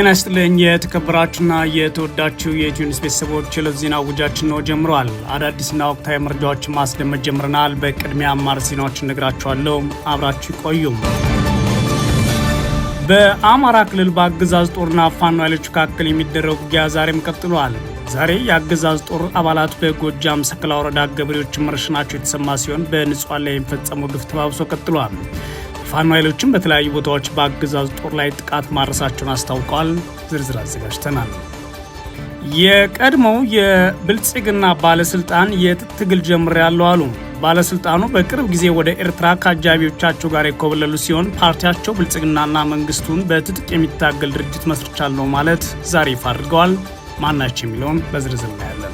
ጤና ይስጥልኝ የተከበራችሁና የተወዳችሁ የኢትዮኒውስ ቤተሰቦች የዕለት ዜና ውጃችን ነው ጀምሯል። አዳዲስና ወቅታዊ መረጃዎችን ማስደመጥ ጀምረናል። በቅድሚያ አማር ዜናዎችን እነግራችኋለሁ፣ አብራችሁ ቆዩም። በአማራ ክልል በአገዛዝ ጦርና ፋኖ ኃይሎች መካከል የሚደረጉ ውጊያ ዛሬም ቀጥሏል። ዛሬ የአገዛዝ ጦር አባላት በጎጃም ሰክላ ወረዳ ገበሬዎች መረሸናቸው የተሰማ ሲሆን በንጹሐን ላይ የሚፈጸመው ግፍ ተባብሶ ቀጥሏል። የፋኖ ኃይሎችም በተለያዩ ቦታዎች በአገዛዙ ጦር ላይ ጥቃት ማድረሳቸውን አስታውቀዋል። ዝርዝር አዘጋጅተናል። የቀድሞው የብልጽግና ባለስልጣን የትጥቅ ጀምር ጀምሬያለሁ አሉ። ባለስልጣኑ በቅርብ ጊዜ ወደ ኤርትራ ከአጃቢዎቻቸው ጋር የኮበለሉ ሲሆን ፓርቲያቸው ብልጽግናና መንግስቱን በትጥቅ የሚታገል ድርጅት መስርቻለሁ ማለት ዛሬ ይፋ አድርገዋል። ማናቸው የሚለውን በዝርዝር እናያለን።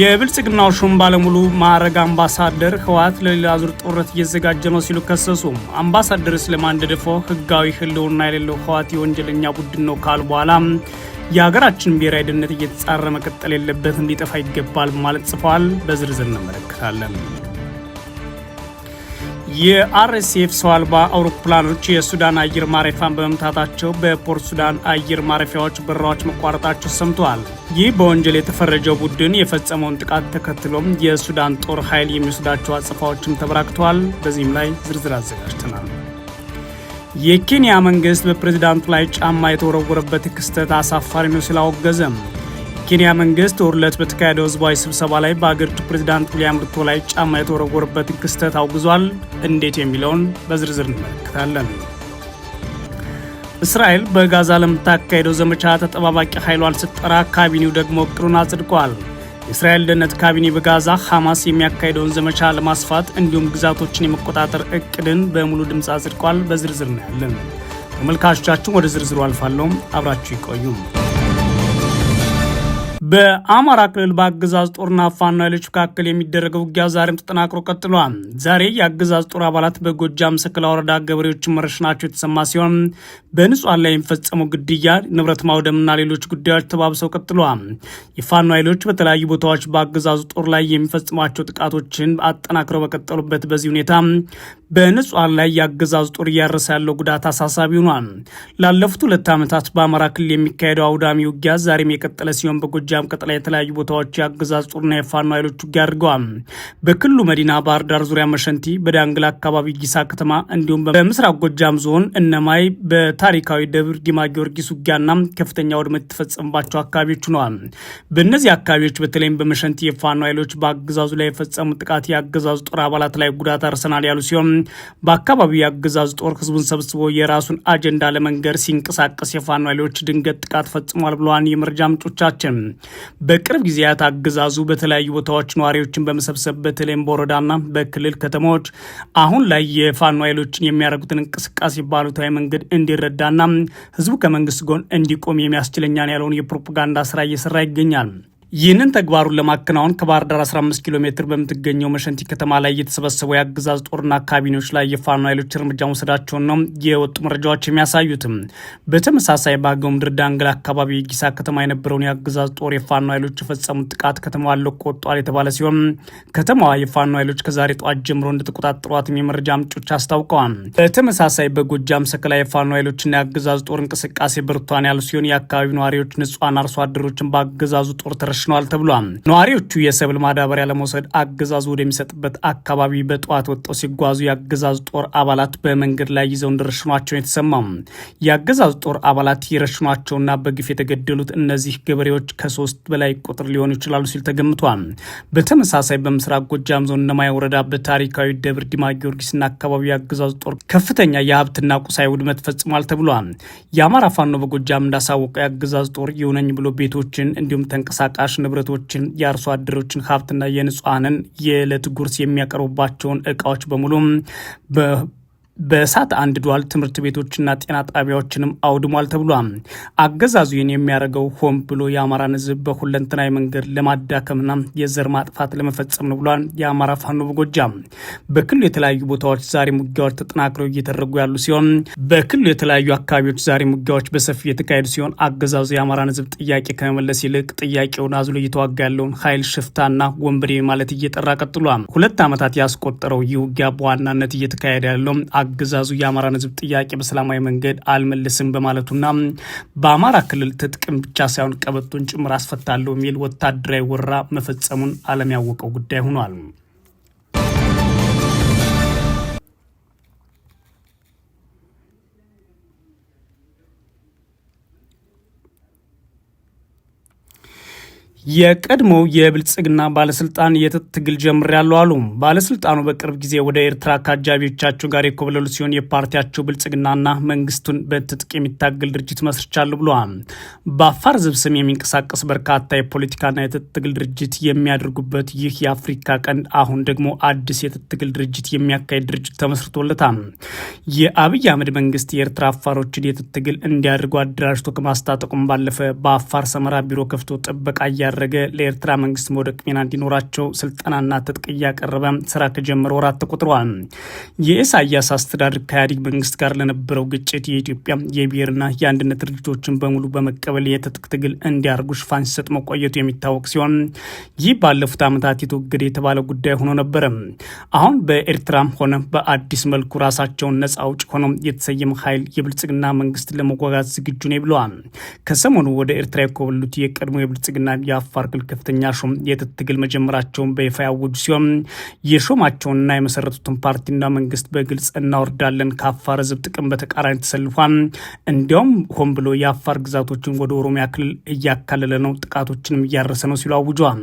የብልጽግናው ሹም ባለሙሉ ማዕረግ አምባሳደር ህወሓት ለሌላ ዙር ጦርነት እየዘጋጀ ነው ሲሉ ከሰሱ። አምባሳደር ስሌማን ደደፎ ህጋዊ ህልውና የሌለው ህወሓት የወንጀለኛ ቡድን ነው ካሉ በኋላ የሀገራችን ብሔራዊ ደህንነት እየተጻረ መቀጠል የለበትም ሊጠፋ ይገባል ማለት ጽፏል። በዝርዝር እንመለከታለን። የአርኤስኤፍ ሰው አልባ አውሮፕላኖች የሱዳን አየር ማረፊያን በመምታታቸው በፖርት ሱዳን አየር ማረፊያዎች በረራዎች መቋረጣቸው ሰምተዋል። ይህ በወንጀል የተፈረጀው ቡድን የፈጸመውን ጥቃት ተከትሎም የሱዳን ጦር ኃይል የሚወስዳቸው አጸፋዎችም ተበራክተዋል። በዚህም ላይ ዝርዝር አዘጋጅተናል። የኬንያ መንግስት በፕሬዚዳንቱ ላይ ጫማ የተወረወረበት ክስተት አሳፋሪ ነው ሲል አወገዘም። የኬንያ መንግስት እሁድ ዕለት በተካሄደው ህዝባዊ ስብሰባ ላይ በአገሪቱ ፕሬዚዳንት ዊልያም ሩቶ ላይ ጫማ የተወረወረበትን ክስተት አውግዟል። እንዴት የሚለውን በዝርዝር እንመለከታለን። እስራኤል በጋዛ ለምታካሄደው ዘመቻ ተጠባባቂ ኃይሏን ስትጠራ፣ ካቢኔው ደግሞ እቅዱን አጽድቋል። የእስራኤል ደህንነት ካቢኔ በጋዛ ሐማስ የሚያካሄደውን ዘመቻ ለማስፋት እንዲሁም ግዛቶችን የመቆጣጠር እቅድን በሙሉ ድምፅ አጽድቋል። በዝርዝር እናያለን። ተመልካቾቻችን ወደ ዝርዝሩ አልፋለሁም። አብራችሁ ይቆዩም። በአማራ ክልል በአገዛዝ ጦርና ፋኖ ኃይሎች መካከል የሚደረገው ውጊያ ዛሬም ተጠናክሮ ቀጥሏል። ዛሬ የአገዛዝ ጦር አባላት በጎጃም ሰከላ ወረዳ ገበሬዎችን መረሸናቸው የተሰማ ሲሆን በንጹሐን ላይ የሚፈጸመው ግድያ፣ ንብረት ማውደምና ሌሎች ጉዳዮች ተባብሰው ቀጥሏል። የፋኖ ኃይሎች በተለያዩ ቦታዎች በአገዛዝ ጦር ላይ የሚፈጽሟቸው ጥቃቶችን አጠናክረው በቀጠሉበት በዚህ ሁኔታ በንጹሐን ላይ የአገዛዝ ጦር እያረሰ ያለው ጉዳት አሳሳቢ ሆኗል። ላለፉት ሁለት ዓመታት በአማራ ክልል የሚካሄደው አውዳሚ ውጊያ ዛሬም የቀጠለ ሲሆን በጎጃም ቀጠና የተለያዩ ቦታዎች የአገዛዝ ጦርና የፋኖ ኃይሎች ውጊያ አድርገዋል። በክልሉ መዲና ባህር ዳር ዙሪያ መሸንቲ፣ በዳንግላ አካባቢ ጊሳ ከተማ እንዲሁም በምስራቅ ጎጃም ዞን እነማይ በታሪካዊ ደብር ዲማ ጊዮርጊስ ውጊያና ከፍተኛ ውድመት የተፈጸመባቸው አካባቢዎች ሆነዋል። በእነዚህ አካባቢዎች በተለይም በመሸንቲ የፋኖ ኃይሎች በአገዛዙ ላይ የፈጸሙ ጥቃት የአገዛዙ ጦር አባላት ላይ ጉዳት አርሰናል ያሉ ሲሆን በአካባቢው የአገዛዙ ጦር ህዝቡን ሰብስቦ የራሱን አጀንዳ ለመንገር ሲንቀሳቀስ የፋኖ ኃይሎች ድንገት ጥቃት ፈጽሟል ብለዋል የመረጃ ምንጮቻችን። በቅርብ ጊዜያት አገዛዙ በተለያዩ ቦታዎች ነዋሪዎችን በመሰብሰብ በተለይም በወረዳና በክልል ከተሞች አሁን ላይ የፋኖ ኃይሎችን የሚያደርጉትን እንቅስቃሴ ባሉታዊ መንገድ እንዲረዳና ህዝቡ ከመንግስት ጎን እንዲቆም የሚያስችለኛን ያለውን የፕሮፓጋንዳ ስራ እየሰራ ይገኛል። ይህንን ተግባሩን ለማከናወን ከባህር ዳር 15 ኪሎ ሜትር በምትገኘው መሸንቲ ከተማ ላይ የተሰበሰበው የአገዛዝ ጦርና ካቢኔዎች ላይ የፋኖ ኃይሎች እርምጃ መውሰዳቸውን ነው የወጡ መረጃዎች የሚያሳዩትም። በተመሳሳይ በአገው ምድር ዳንግል አካባቢ ጊሳ ከተማ የነበረውን የአገዛዝ ጦር የፋኖ ኃይሎች የፈጸሙት ጥቃት ከተማዋ ለቆ ወጥቷል የተባለ ሲሆን ከተማዋ የፋኖ ኃይሎች ከዛሬ ጠዋት ጀምሮ እንደተቆጣጠሯትም የመረጃ ምንጮች አስታውቀዋል። በተመሳሳይ በጎጃም ሰከላ የፋኖ ኃይሎችና የአገዛዝ ጦር እንቅስቃሴ ብርቷን ያሉ ሲሆን የአካባቢው ነዋሪዎች ንጹሐን አርሶ አደሮችን በአገዛዙ ጦር ተረሽ ተሸሽኗል ተብሏል። ነዋሪዎቹ የሰብል ማዳበሪያ ለመውሰድ አገዛዙ ወደሚሰጥበት አካባቢ በጠዋት ወጥተው ሲጓዙ የአገዛዙ ጦር አባላት በመንገድ ላይ ይዘው እንደረሽኗቸው የተሰማ የአገዛዙ ጦር አባላት የረሽኗቸውና በግፍ የተገደሉት እነዚህ ገበሬዎች ከሶስት በላይ ቁጥር ሊሆኑ ይችላሉ ሲል ተገምቷል። በተመሳሳይ በምስራቅ ጎጃም ዞን ነማይ ወረዳ በታሪካዊ ደብር ዲማ ጊዮርጊስና አካባቢ የአገዛዙ ጦር ከፍተኛ የሀብትና ቁሳዊ ውድመት ፈጽሟል ተብሏል። የአማራ ፋኖ በጎጃም እንዳሳወቀው የአገዛዙ ጦር ይሁነኝ ብሎ ቤቶችን እንዲሁም ተንቀሳቃሽ የፍራሽ ንብረቶችን፣ የአርሶ አደሮችን ሀብትና የንጹሐንን የዕለት ጉርስ የሚያቀርቡባቸውን እቃዎች በሙሉ በእሳት አንድዷል። ትምህርት ቤቶችና ጤና ጣቢያዎችንም አውድሟል ተብሏል። አገዛዙ ይህን የሚያደርገው ሆን ብሎ የአማራን ህዝብ በሁለንተናዊ መንገድ ለማዳከምና የዘር ማጥፋት ለመፈጸም ነው ብሏል። የአማራ ፋኖ በጎጃም በክልሉ የተለያዩ ቦታዎች ዛሬ ውጊያዎች ተጠናክረው እየተደረጉ ያሉ ሲሆን በክልሉ የተለያዩ አካባቢዎች ዛሬ ውጊያዎች በሰፊ የተካሄዱ ሲሆን አገዛዙ የአማራን ህዝብ ጥያቄ ከመመለስ ይልቅ ጥያቄውን አዝሎ እየተዋጋ ያለውን ኃይል ሽፍታና ወንበዴ ማለት እየጠራ ቀጥሏል። ሁለት ዓመታት ያስቆጠረው ይህ ውጊያ በዋናነት እየተካሄደ ያለው አገዛዙ የአማራን ህዝብ ጥያቄ በሰላማዊ መንገድ አልመልስም በማለቱና በአማራ ክልል ትጥቅም ብቻ ሳይሆን ቀበቶን ጭምር አስፈታለሁ የሚል ወታደራዊ ወራ መፈጸሙን ዓለም ያወቀው ጉዳይ ሆኗል። የቀድሞው የብልጽግና ባለስልጣን የትጥቅ ትግል ጀምሬያለሁ አሉ። ባለስልጣኑ በቅርብ ጊዜ ወደ ኤርትራ ከአጃቢዎቻቸው ጋር የኮበለሉ ሲሆን የፓርቲያቸው ብልጽግናና መንግስቱን በትጥቅ የሚታገል ድርጅት መስርቻለሁ ብለዋል። በአፋር ሕዝብ ስም የሚንቀሳቀስ በርካታ የፖለቲካና የትጥቅ ትግል ድርጅት የሚያደርጉበት ይህ የአፍሪካ ቀንድ አሁን ደግሞ አዲስ የትጥቅ ትግል ድርጅት የሚያካሄድ ድርጅት ተመስርቶለታል። የአብይ አህመድ መንግስት የኤርትራ አፋሮችን የትጥቅ ትግል እንዲያደርጉ አደራጅቶ ከማስታጠቁም ባለፈ በአፋር ሰመራ ቢሮ ከፍቶ ጥበቃ እያደረገ ለኤርትራ መንግስት መውደቅ ሚና እንዲኖራቸው ስልጠናና ትጥቅ እያቀረበ ስራ ከጀመረ ወራት ተቆጥረዋል። የኢሳያስ አስተዳደር ከኢህአዴግ መንግስት ጋር ለነበረው ግጭት የኢትዮጵያ የብሔርና የአንድነት ድርጅቶችን በሙሉ በመቀበል የትጥቅ ትግል እንዲያደርጉ ሽፋን ሲሰጥ መቆየቱ የሚታወቅ ሲሆን ይህ ባለፉት ዓመታት የተወገደ የተባለ ጉዳይ ሆኖ ነበረ። አሁን በኤርትራም ሆነ በአዲስ መልኩ ራሳቸውን ነጻ አውጭ ሆኖ የተሰየመ ኃይል የብልጽግና መንግስት ለመጓጋት ዝግጁ ነው ብለዋል። ከሰሞኑ ወደ ኤርትራ የኮበሉት የቀድሞ የብልጽግና የአፋር ክልል ከፍተኛ ሹም የትጥቅ ትግል መጀመራቸውን በይፋ ያወጁ ሲሆን የሾማቸውንና የመሰረቱትን ፓርቲና መንግስት በግልጽ እናወርዳለን፣ ከአፋር ህዝብ ጥቅም በተቃራኒ ተሰልፏል፣ እንዲያውም ሆን ብሎ የአፋር ግዛቶችን ወደ ኦሮሚያ ክልል እያካለለ ነው፣ ጥቃቶችንም እያረሰ ነው ሲሉ አውጇል።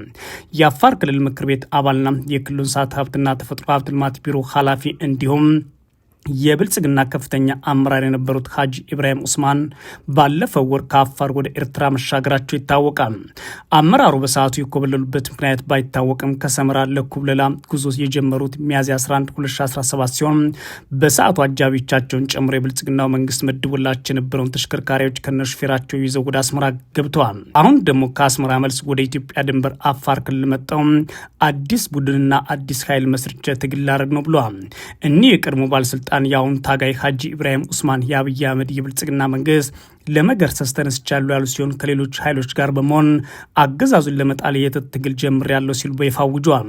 የአፋር ክልል ምክር ቤት አባልና የክልሉን ሰዓት ሀብትና ተፈጥሮ ሀብት ልማት ቢሮ ኃላፊ እንዲሁም የብልጽግና ከፍተኛ አመራር የነበሩት ሀጂ ኢብራሂም ኡስማን ባለፈው ወር ከአፋር ወደ ኤርትራ መሻገራቸው ይታወቃል። አመራሩ በሰዓቱ የኮበለሉበት ምክንያት ባይታወቅም ከሰመራ ለኩብለላ ጉዞ የጀመሩት ሚያዝያ 11 2017 ሲሆን በሰዓቱ አጃቢዎቻቸውን ጨምሮ የብልጽግናው መንግስት መድቦላቸው የነበረውን ተሽከርካሪዎች ከነሹፌራቸው ይዘው ወደ አስመራ ገብተዋል። አሁን ደግሞ ከአስመራ መልስ ወደ ኢትዮጵያ ድንበር አፋር ክልል መጣው አዲስ ቡድንና አዲስ ኃይል መስርቼ ትግል ላደርግ ነው ብለዋል። እኒህ የቀድሞ ባለስልጣን ሱልጣን የአሁኑ ታጋይ ሀጂ ኢብራሂም ኡስማን የአብይ አህመድ የብልጽግና መንግስት ለመገርሰስ ተነስቻለሁ ያሉ ሲሆን ከሌሎች ኃይሎች ጋር በመሆን አገዛዙን ለመጣል የትጥቅ ትግል ጀምሬያለሁ ሲሉ በይፋ አውጀዋል።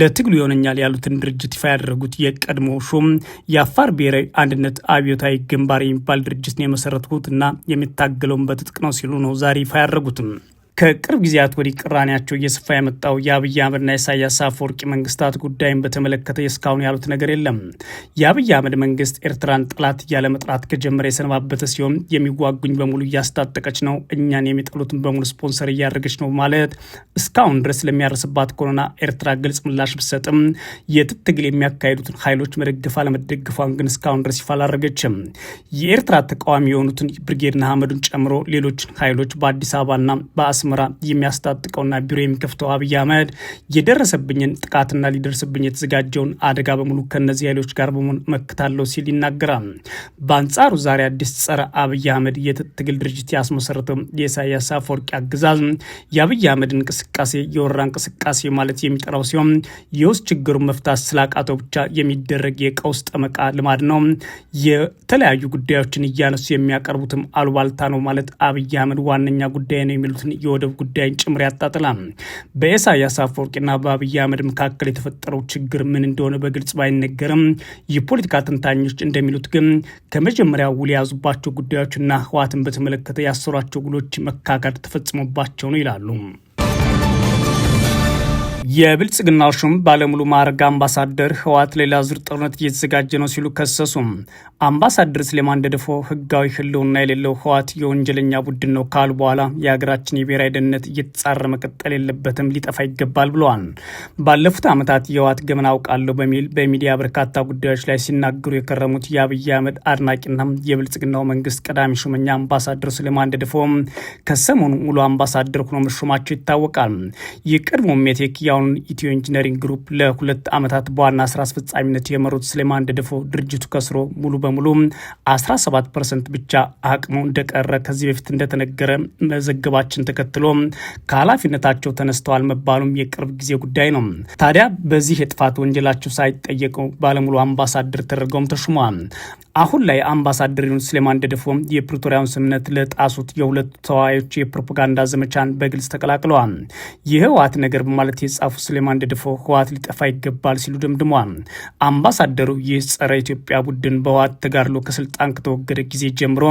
ለትግሉ ይሆነኛል ያሉትን ድርጅት ይፋ ያደረጉት የቀድሞ ሹም የአፋር ብሔራዊ አንድነት አብዮታዊ ግንባር የሚባል ድርጅት ነው የመሰረትኩት እና የሚታገለውን በትጥቅ ነው ሲሉ ነው ዛሬ ይፋ ያደረጉትም። ከቅርብ ጊዜያት ወዲህ ቅራኔያቸው እየሰፋ የመጣው የአብይ አህመድና ኢሳያስ አፈወርቂ መንግስታት ጉዳይን በተመለከተ እስካሁን ያሉት ነገር የለም። የአብይ አህመድ መንግስት ኤርትራን ጠላት እያለ መጥራት ከጀመረ የሰነባበተ ሲሆን የሚዋጉኝ በሙሉ እያስታጠቀች ነው፣ እኛን የሚጠሉትን በሙሉ ስፖንሰር እያደረገች ነው ማለት እስካሁን ድረስ ለሚያደርስባት ኮሮና ኤርትራ ግልጽ ምላሽ ብሰጥም የትጥቅ ትግል የሚያካሂዱትን ኃይሎች መደገፍ አለመደገፏን ግን እስካሁን ድረስ ይፋ አላደረገችም። የኤርትራ ተቃዋሚ የሆኑትን ብርጌድና አህመዱን ጨምሮ ሌሎችን ኃይሎች በአዲስ አበባና በአስመ አስመራ የሚያስታጥቀውና ቢሮ የሚከፍተው አብይ አህመድ የደረሰብኝን ጥቃትና ሊደርስብኝ የተዘጋጀውን አደጋ በሙሉ ከነዚህ ኃይሎች ጋር በመሆን መክታለሁ ሲል ይናገራል። በአንጻሩ ዛሬ አዲስ ጸረ አብይ አህመድ የትግል ድርጅት ያስመሰረተው የኢሳያስ አፈወርቂ አገዛዝ የአብይ አህመድ እንቅስቃሴ የወረራ እንቅስቃሴ ማለት የሚጠራው ሲሆን የውስጥ ችግሩን መፍታት ስላቃተው ብቻ የሚደረግ የቀውስ ጠመቃ ልማድ ነው። የተለያዩ ጉዳዮችን እያነሱ የሚያቀርቡትም አሉባልታ ነው ማለት አብይ አህመድ ዋነኛ ጉዳይ ነው የሚሉትን የወደብ ጉዳይን ጭምር ያጣጥላል። በኢሳያስ አፈወርቂና በአብይ አህመድ መካከል የተፈጠረው ችግር ምን እንደሆነ በግልጽ ባይነገርም የፖለቲካ ተንታኞች እንደሚሉት ግን ከመጀመሪያው ውል የያዙባቸው ጉዳዮችና ህዋትን በተመለከተ ያሰሯቸው ውሎች መካካድ ተፈጽሞባቸው ነው ይላሉ። የብልጽግና ሹም ባለሙሉ ማዕረግ አምባሳደር ህወሓት ሌላ ዙር ጦርነት እየተዘጋጀ ነው ሲሉ ከሰሱም። አምባሳደር ስሌማን ደደፎ ህጋዊ ህልውና የሌለው ህወሓት የወንጀለኛ ቡድን ነው ካሉ በኋላ የሀገራችን የብሔራዊ ደህንነት እየተጻረ መቀጠል የለበትም፣ ሊጠፋ ይገባል ብለዋል። ባለፉት ዓመታት የህወሓት ገመና አውቃለሁ በሚል በሚዲያ በርካታ ጉዳዮች ላይ ሲናገሩ የከረሙት የአብይ አህመድ አድናቂና የብልጽግናው መንግስት ቀዳሚ ሹመኛ አምባሳደር ስሌማን ደደፎ ከሰሞኑ ሙሉ አምባሳደር ሆኖ መሾማቸው ይታወቃል። የቀድሞ ሜቴክ ያው ኩባንያውን ኢትዮ ኢንጂነሪንግ ግሩፕ ለሁለት ዓመታት በዋና ስራ አስፈጻሚነት የመሩት ስሌማን ደደፎ ድርጅቱ ከስሮ ሙሉ በሙሉ 17 ፐርሰንት ብቻ አቅሙ እንደቀረ ከዚህ በፊት እንደተነገረ መዘገባችን ተከትሎ ከኃላፊነታቸው ተነስተዋል መባሉም የቅርብ ጊዜ ጉዳይ ነው። ታዲያ በዚህ የጥፋት ወንጀላቸው ሳይጠየቁ ባለሙሉ አምባሳደር ተደርገውም ተሹመዋል። አሁን ላይ አምባሳደር የሆኑት ስሌማን ደደፎ የፕሪቶሪያውን ስምምነት ለጣሱት የሁለቱ ተዋዮች የፕሮፓጋንዳ ዘመቻን በግልጽ ተቀላቅለዋል። የህወሓት ነገር በማለት የጻፉ ጫፉ ሱሌማን ደድፎ ህወሓት ሊጠፋ ይገባል ሲሉ ደምድመዋል። አምባሳደሩ ይህ ጸረ ኢትዮጵያ ቡድን በህወሓት ተጋድሎ ከስልጣን ከተወገደ ጊዜ ጀምሮ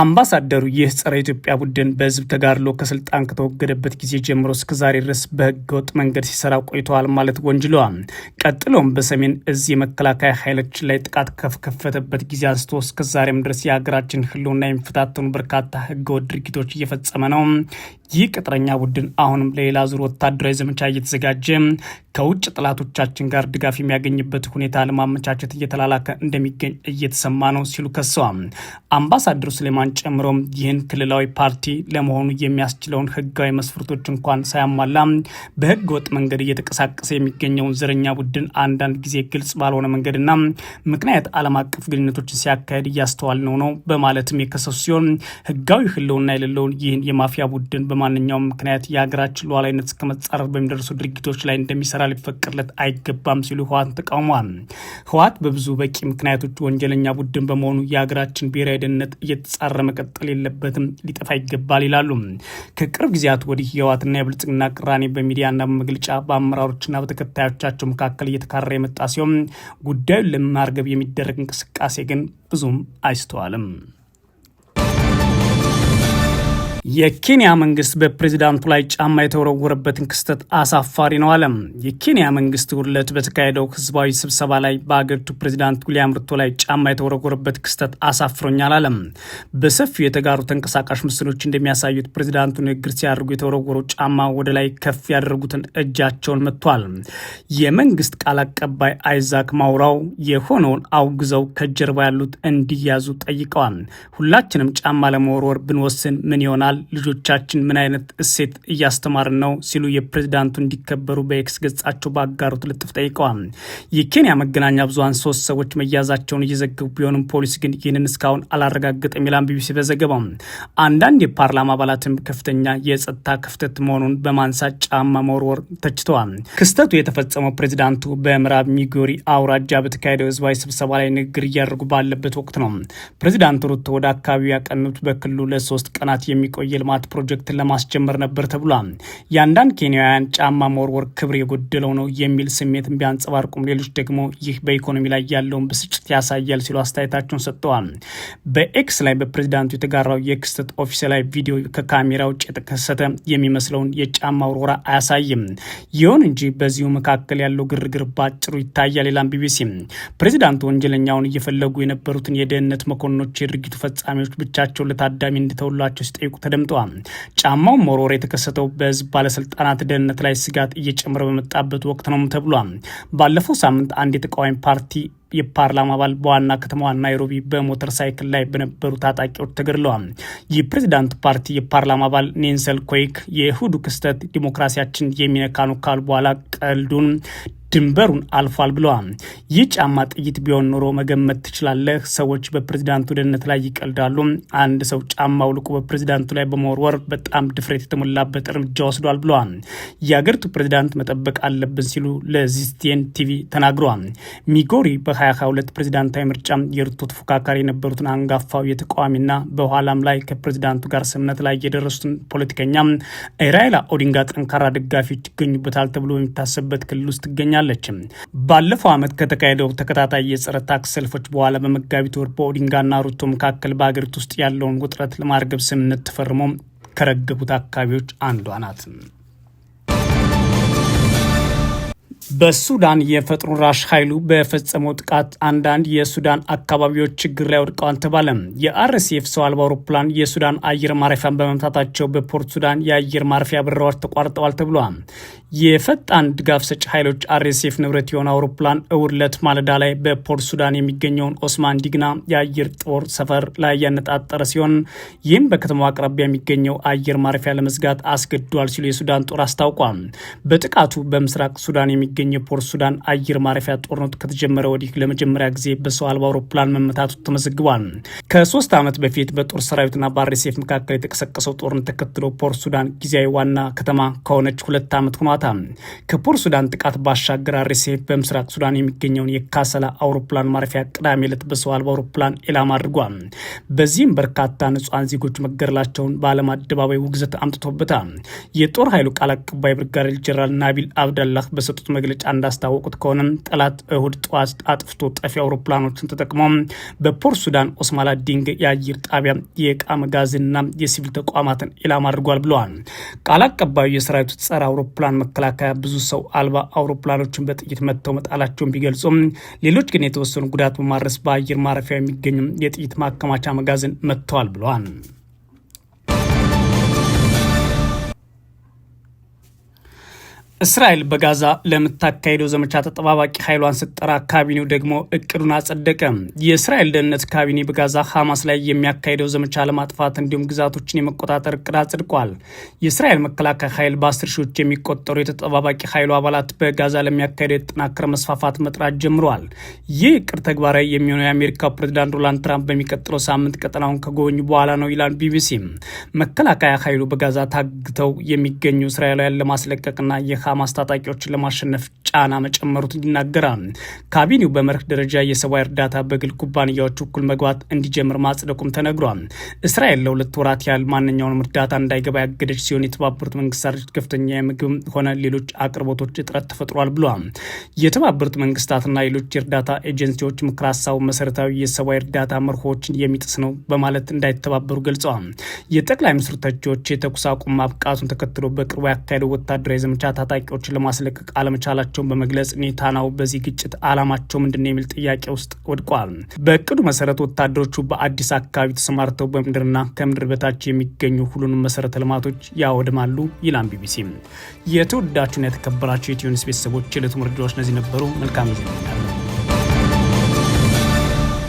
አምባሳደሩ ይህ ጸረ ኢትዮጵያ ቡድን በህዝብ ተጋድሎ ከስልጣን ከተወገደበት ጊዜ ጀምሮ እስከዛሬ ድረስ በህገ ወጥ መንገድ ሲሰራ ቆይተዋል ማለት ወንጅለዋል። ቀጥሎም በሰሜን እዝ የመከላከያ ኃይሎች ላይ ጥቃት ከፈተበት ጊዜ አንስቶ እስከዛሬም ድረስ የሀገራችን ህልውና የሚፈታተኑ በርካታ ህገወጥ ድርጊቶች እየፈጸመ ነው። ይህ ቅጥረኛ ቡድን አሁንም ለሌላ ዙር ወታደራዊ ዘመቻ እየተዘጋጀ ከውጭ ጠላቶቻችን ጋር ድጋፍ የሚያገኝበት ሁኔታ ለማመቻቸት እየተላላከ እንደሚገኝ እየተሰማ ነው ሲሉ ከሰዋል። አምባሳደሩ ስሌማን ጨምሮም ይህን ክልላዊ ፓርቲ ለመሆኑ የሚያስችለውን ህጋዊ መስፈርቶች እንኳን ሳያሟላ በህገ ወጥ መንገድ እየተንቀሳቀሰ የሚገኘውን ዘረኛ ቡድን አንዳንድ ጊዜ ግልጽ ባልሆነ መንገድና ምክንያት ዓለም አቀፍ ግንኙነቶችን ሲያካሄድ እያስተዋል ነው ነው በማለትም የከሰሱ ሲሆን ህጋዊ ህልውና የሌለውን ይህን የማፊያ ቡድን በማንኛውም ምክንያት የሀገራችን ሉዓላዊነት እስከመጻረር በሚደርሱ ድርጊቶች ላይ እንደሚሰራ ሊፈቀድለት አይገባም ሲሉ ህወሓትን ተቃውሟል። ህወሓት በብዙ በቂ ምክንያቶች ወንጀለኛ ቡድን በመሆኑ የሀገራችን ብሔራዊ ደህንነት እየተጻረ መቀጠል የለበትም፣ ሊጠፋ ይገባል ይላሉ። ከቅርብ ጊዜያት ወዲህ የህወሓትና የብልጽግና ቅራኔ በሚዲያና በመግለጫ በአመራሮችና በተከታዮቻቸው መካከል እየተካረረ የመጣ ሲሆን ጉዳዩን ለማርገብ የሚደረግ እንቅስቃሴ ግን ብዙም አይስተዋልም። የኬንያ መንግስት በፕሬዚዳንቱ ላይ ጫማ የተወረወረበትን ክስተት አሳፋሪ ነው አለም። የኬንያ መንግስት ውለት በተካሄደው ህዝባዊ ስብሰባ ላይ በአገሪቱ ፕሬዚዳንት ዊሊያም ርቶ ላይ ጫማ የተወረወረበት ክስተት አሳፍሮኛል አለም። በሰፊው የተጋሩ ተንቀሳቃሽ ምስሎች እንደሚያሳዩት ፕሬዚዳንቱ ንግግር ሲያደርጉ የተወረወረው ጫማ ወደ ላይ ከፍ ያደረጉትን እጃቸውን መጥቷል። የመንግስት ቃል አቀባይ አይዛክ ማውራው የሆነውን አውግዘው ከጀርባ ያሉት እንዲያዙ ጠይቀዋል። ሁላችንም ጫማ ለመወርወር ብንወስን ምን ይሆናል? ልጆቻችን ምን አይነት እሴት እያስተማርን ነው ሲሉ የፕሬዚዳንቱ እንዲከበሩ በኤክስ ገጻቸው ባጋሩት ልጥፍ ጠይቀዋል። የኬንያ መገናኛ ብዙሀን ሶስት ሰዎች መያዛቸውን እየዘገቡ ቢሆንም ፖሊስ ግን ይህንን እስካሁን አላረጋገጠም ይላል ቢቢሲ በዘገባው። አንዳንድ የፓርላማ አባላትም ከፍተኛ የጸጥታ ክፍተት መሆኑን በማንሳት ጫማ መወርወር ተችተዋል። ክስተቱ የተፈጸመው ፕሬዚዳንቱ በምዕራብ ሚጎሪ አውራጃ በተካሄደው ህዝባዊ ስብሰባ ላይ ንግግር እያደረጉ ባለበት ወቅት ነው። ፕሬዚዳንት ሩቶ ወደ አካባቢው ያቀኑት በክልሉ ለሶስት ቀናት የሚቆ የቆየ ልማት ፕሮጀክትን ለማስጀመር ነበር ተብሏል። የአንዳንድ ኬንያውያን ጫማ መወርወር ክብር የጎደለው ነው የሚል ስሜትን ቢያንጸባርቁም፣ ሌሎች ደግሞ ይህ በኢኮኖሚ ላይ ያለውን ብስጭት ያሳያል ሲሉ አስተያየታቸውን ሰጥተዋል። በኤክስ ላይ በፕሬዚዳንቱ የተጋራው የክስተት ኦፊሴላዊ ቪዲዮ ከካሜራ ውጭ የተከሰተ የሚመስለውን የጫማ ውርወራ አያሳይም። ይሁን እንጂ በዚሁ መካከል ያለው ግርግር ባጭሩ ይታያል። ሌላም ቢቢሲ ፕሬዚዳንቱ ወንጀለኛውን እየፈለጉ የነበሩትን የደህንነት መኮንኖች የድርጊቱ ፈጻሚዎች ብቻቸውን ለታዳሚ እንድተውላቸው ሲጠይቁ ተደምጠዋል። ጫማው መወርወር የተከሰተው በህዝብ ባለስልጣናት ደህንነት ላይ ስጋት እየጨመረ በመጣበት ወቅት ነው ተብሏል። ባለፈው ሳምንት አንድ የተቃዋሚ ፓርቲ የፓርላማ አባል በዋና ከተማዋ ናይሮቢ በሞተር ሳይክል ላይ በነበሩ ታጣቂዎች ተገድለዋል። የፕሬዚዳንቱ ፓርቲ የፓርላማ አባል ኔንሰል ኮይክ የእሁዱ ክስተት ዲሞክራሲያችን የሚነካ ነው ካሉ በኋላ ቀልዱን ድንበሩን አልፏል ብለዋል። ይህ ጫማ ጥይት ቢሆን ኖሮ መገመት ትችላለህ። ሰዎች በፕሬዚዳንቱ ደህንነት ላይ ይቀልዳሉ። አንድ ሰው ጫማ ልቁ በፕሬዚዳንቱ ላይ በመወርወር በጣም ድፍረት የተሞላበት እርምጃ ወስዷል ብለዋል። የአገሪቱ ፕሬዚዳንት መጠበቅ አለብን ሲሉ ለዚስቲን ቲቪ ተናግረዋል። ሚጎሪ በ2022 ፕሬዚዳንታዊ ምርጫ የርቶ ተፎካካሪ የነበሩትን አንጋፋው የተቃዋሚና በኋላም ላይ ከፕሬዚዳንቱ ጋር ስምነት ላይ የደረሱትን ፖለቲከኛ ራይላ ኦዲንጋ ጠንካራ ደጋፊዎች ይገኙበታል ተብሎ በሚታሰብበት ክልል ውስጥ ይገኛል። ትገኛለች። ባለፈው ዓመት ከተካሄደው ተከታታይ የጸረ ታክስ ሰልፎች በኋላ በመጋቢት ወር በኦዲንጋና ሩቶ መካከል በሀገሪቱ ውስጥ ያለውን ውጥረት ለማርገብ ስምምነት ተፈርሞ ከረገቡት አካባቢዎች አንዷ ናት። በሱዳን የፈጥኖ ራሽ ኃይሉ በፈጸመው ጥቃት አንዳንድ የሱዳን አካባቢዎች ችግር ላይ ወድቀዋል ተባለ። የአርኤስኤፍ ሰው አልባ አውሮፕላን የሱዳን አየር ማረፊያን በመምታታቸው በፖርት ሱዳን የአየር ማረፊያ በረራዎች ተቋርጠዋል ተብሏል። የፈጣን ድጋፍ ሰጪ ኃይሎች አርኤስኤፍ ንብረት የሆነ አውሮፕላን እሁድ ዕለት ማለዳ ላይ በፖርት ሱዳን የሚገኘውን ኦስማን ዲግና የአየር ጦር ሰፈር ላይ ያነጣጠረ ሲሆን ይህም በከተማው አቅራቢያ የሚገኘው አየር ማረፊያ ለመዝጋት አስገድዷል ሲሉ የሱዳን ጦር አስታውቋል። በጥቃቱ በምስራቅ ሱዳን የሚገ የሚገኝ ፖር ሱዳን አየር ማረፊያ ጦርነቱ ከተጀመረ ወዲህ ለመጀመሪያ ጊዜ በሰው አልባ አውሮፕላን መመታቱ ተመዘግቧል። ከሶስት ዓመት በፊት በጦር ሰራዊትና ባሬሴፍ መካከል የተቀሰቀሰው ጦርነት ተከትሎ ፖር ሱዳን ጊዜያዊ ዋና ከተማ ከሆነች ሁለት ዓመት ሆኗታል። ከፖር ሱዳን ጥቃት ባሻገር አሬሴፍ በምስራቅ ሱዳን የሚገኘውን የካሰላ አውሮፕላን ማረፊያ ቅዳሜ ዕለት በሰው አልባ አውሮፕላን ኢላማ አድርጓል። በዚህም በርካታ ንጹሐን ዜጎች መገደላቸውን በዓለም አደባባይ ውግዘት አምጥቶበታል። የጦር ኃይሉ ቃል አቀባይ ብርጋዴር ጀራል ናቢል አብዳላህ በሰጡት መግለ መግለጫ እንዳስታወቁት ከሆነ ጠላት እሁድ ጠዋት አጥፍቶ ጠፊ አውሮፕላኖችን ተጠቅሞ በፖር ሱዳን ኦስማላ ዲንግ የአየር ጣቢያ የእቃ መጋዘንና የሲቪል ተቋማትን ኢላማ አድርጓል ብለዋል። ቃል አቀባዩ የሰራዊቱ ጸረ አውሮፕላን መከላከያ ብዙ ሰው አልባ አውሮፕላኖችን በጥይት መጥተው መጣላቸውን ቢገልጹም ሌሎች ግን የተወሰኑ ጉዳት በማድረስ በአየር ማረፊያ የሚገኙ የጥይት ማከማቻ መጋዘን መጥተዋል ብለዋል። እስራኤል በጋዛ ለምታካሄደው ዘመቻ ተጠባባቂ ኃይሏን ስትጠራ ካቢኔው ደግሞ እቅዱን አጸደቀ። የእስራኤል ደህንነት ካቢኔ በጋዛ ሐማስ ላይ የሚያካሄደው ዘመቻ ለማጥፋት እንዲሁም ግዛቶችን የመቆጣጠር እቅድ አጽድቋል። የእስራኤል መከላከያ ኃይል በአስር ሺዎች የሚቆጠሩ የተጠባባቂ ኃይሉ አባላት በጋዛ ለሚያካሄደው የተጠናከረ መስፋፋት መጥራት ጀምረዋል። ይህ እቅድ ተግባራዊ የሚሆነው የአሜሪካው ፕሬዚዳንት ዶናልድ ትራምፕ በሚቀጥለው ሳምንት ቀጠናውን ከጎበኙ በኋላ ነው ይላል ቢቢሲ። መከላከያ ኃይሉ በጋዛ ታግተው የሚገኙ እስራኤላውያን ለማስለቀቅና የሐማስ ታጣቂዎችን ለማሸነፍ ጫና መጨመሩት ይናገራል። ካቢኔው በመርህ ደረጃ የሰብአዊ እርዳታ በግል ኩባንያዎች እኩል መግባት እንዲጀምር ማጽደቁም ተነግሯል። እስራኤል ለሁለት ወራት ያህል ማንኛውንም እርዳታ እንዳይገባ ያገደች ሲሆን የተባበሩት መንግስታት ድርጅት ከፍተኛ የምግብ ሆነ ሌሎች አቅርቦቶች እጥረት ተፈጥሯል ብሏል። የተባበሩት መንግስታትና ሌሎች የእርዳታ ኤጀንሲዎች ምክር ሀሳቡ መሰረታዊ የሰብአዊ እርዳታ መርሆዎችን የሚጥስ ነው በማለት እንዳይተባበሩ ገልጸዋል። የጠቅላይ ሚኒስትሩ ተቺዎች የተኩስ አቁም ማብቃቱን ተከትሎ በቅርቡ ያካሄደው ወታደራዊ ዘመቻ ታታ ታጣቂዎችን ለማስለቀቅ አለመቻላቸውን በመግለጽ ኔታናው በዚህ ግጭት አላማቸው ምንድነው የሚል ጥያቄ ውስጥ ወድቋል። በእቅዱ መሰረት ወታደሮቹ በአዲስ አካባቢ ተሰማርተው በምድርና ከምድር በታች የሚገኙ ሁሉንም መሰረተ ልማቶች ያወድማሉ ይላም ቢቢሲ። የተወዳችሁና የተከበራቸው የኢትዮ ኒውስ ቤተሰቦች የዕለቱ መረጃዎች እነዚህ ነበሩ። መልካም ጊዜ